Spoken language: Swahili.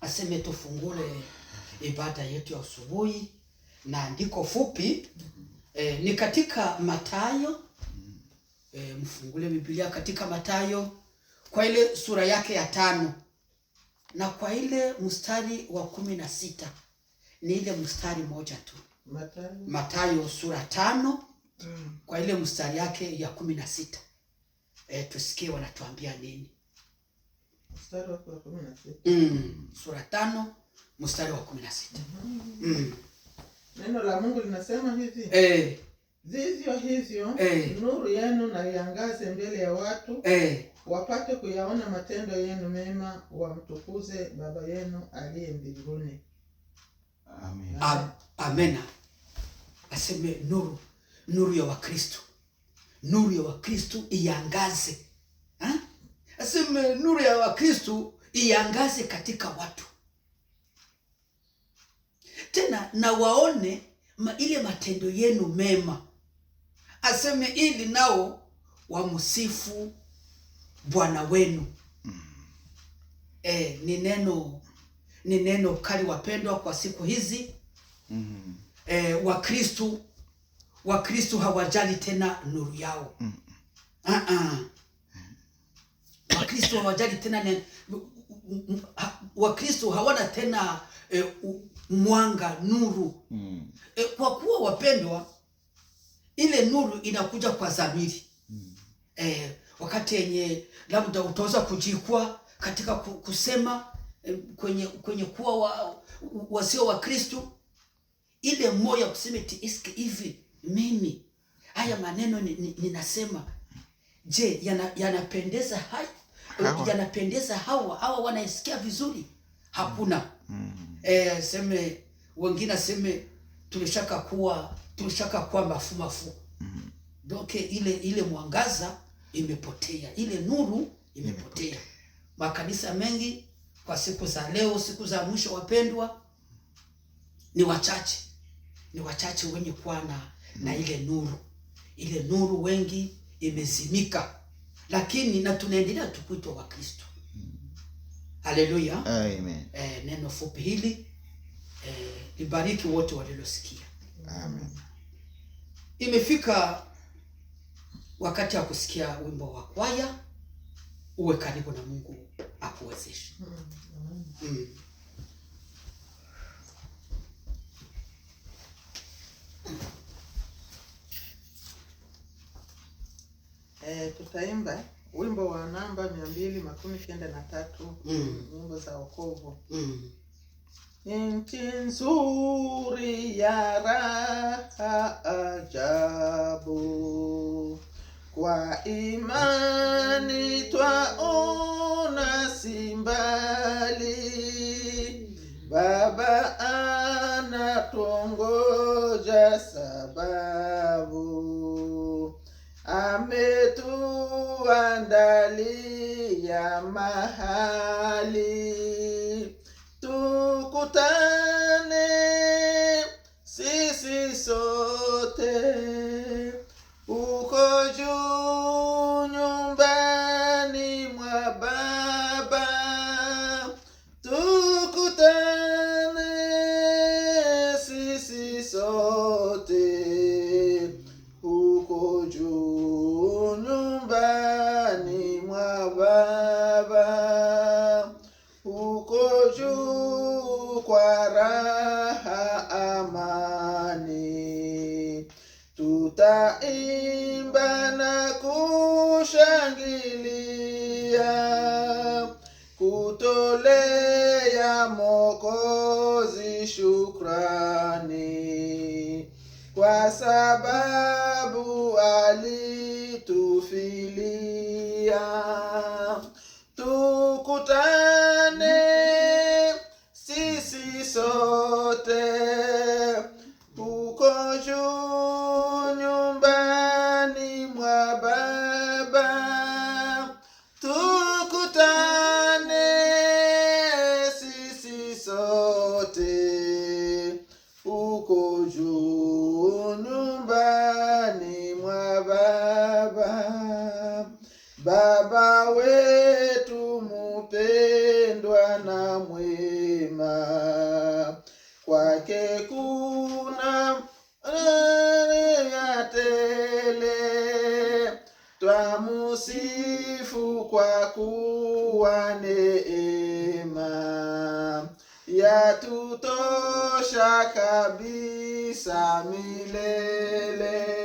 aseme tufungule ibada yetu ya asubuhi na andiko fupi e, ni katika matayo e, eh, mfungule Biblia katika matayo kwa ile sura yake ya tano na kwa ile mstari wa kumi na sita ni ile mstari moja tu matayo matayo sura tano mm. kwa ile mstari yake ya kumi na sita e, tusikie wanatuambia nini mstari wa kumi na sita mm, sura tano mstari wa kumi na sita mm. Neno la Mungu linasema hivi eh. Vivyo hivyo eh, nuru yenu na iangaze mbele ya watu eh, wapate kuyaona matendo yenu mema, wamtukuze Baba yenu aliye mbinguni. Amena, amena. Aseme nuru, nuru ya Wakristo, nuru ya Wakristo iangaze ha? Aseme nuru ya Wakristo iangaze katika watu tena, na waone ma ile matendo yenu mema, aseme ili nao wamsifu Bwana wenu. Mm. E, ni neno ni neno kali wapendwa, kwa siku hizi mm. E, Wakristo Wakristo hawajali tena nuru yao mm. uh -uh. Wakristo hawajali tena, Wakristo hawana tena e, mwanga nuru mm. E, kwa kuwa wapendwa, ile nuru inakuja kwa dhamiri mm. E, wakati yenye labda utaweza kujikwa katika kusema e, kwenye kwenye kuwa wa, wasio wa Kristo ile moyo kuseme ti hivi mimi haya maneno ninasema ni, ni je, yanapendeza yana hai yanapendeza hawa hawa wanaisikia vizuri, hakuna mm -hmm. E, seme wengine aseme tulishaka kuwa tulishaka kuwa mafumafu mm -hmm. Doke ile ile mwangaza imepotea, ile nuru imepotea Makanisa mengi kwa siku za leo, siku za mwisho, wapendwa, ni wachache, ni wachache wenye kuwa na mm na ile nuru, ile nuru wengi imezimika lakini na tunaendelea tukuitwa wa Kristo. Haleluya, hmm. amen. E, neno fupi hili e, libariki wote walilosikia. Amen. Imefika wakati wa kusikia wimbo wa kwaya. Uwe karibu na Mungu akuwezeshe. mm. tutaimba wimbo wa namba mia mbili makumi kenda na tatu mm. nyimbo za wokovu mm. Nchi nzuri ya raha ajabu, kwa imani twaona si mbali. Baba anatongoja sababu ametuandalia mahali tukutane kuimba na kushangilia, kutolea Mokozi shukrani, kwa sababu alitufilia. Tukutane sisi sote Baba wetu mupendwa na mwema, kwake kuna raha tele, twamusifu kwa kuwa neema yatutosha kabisa milele.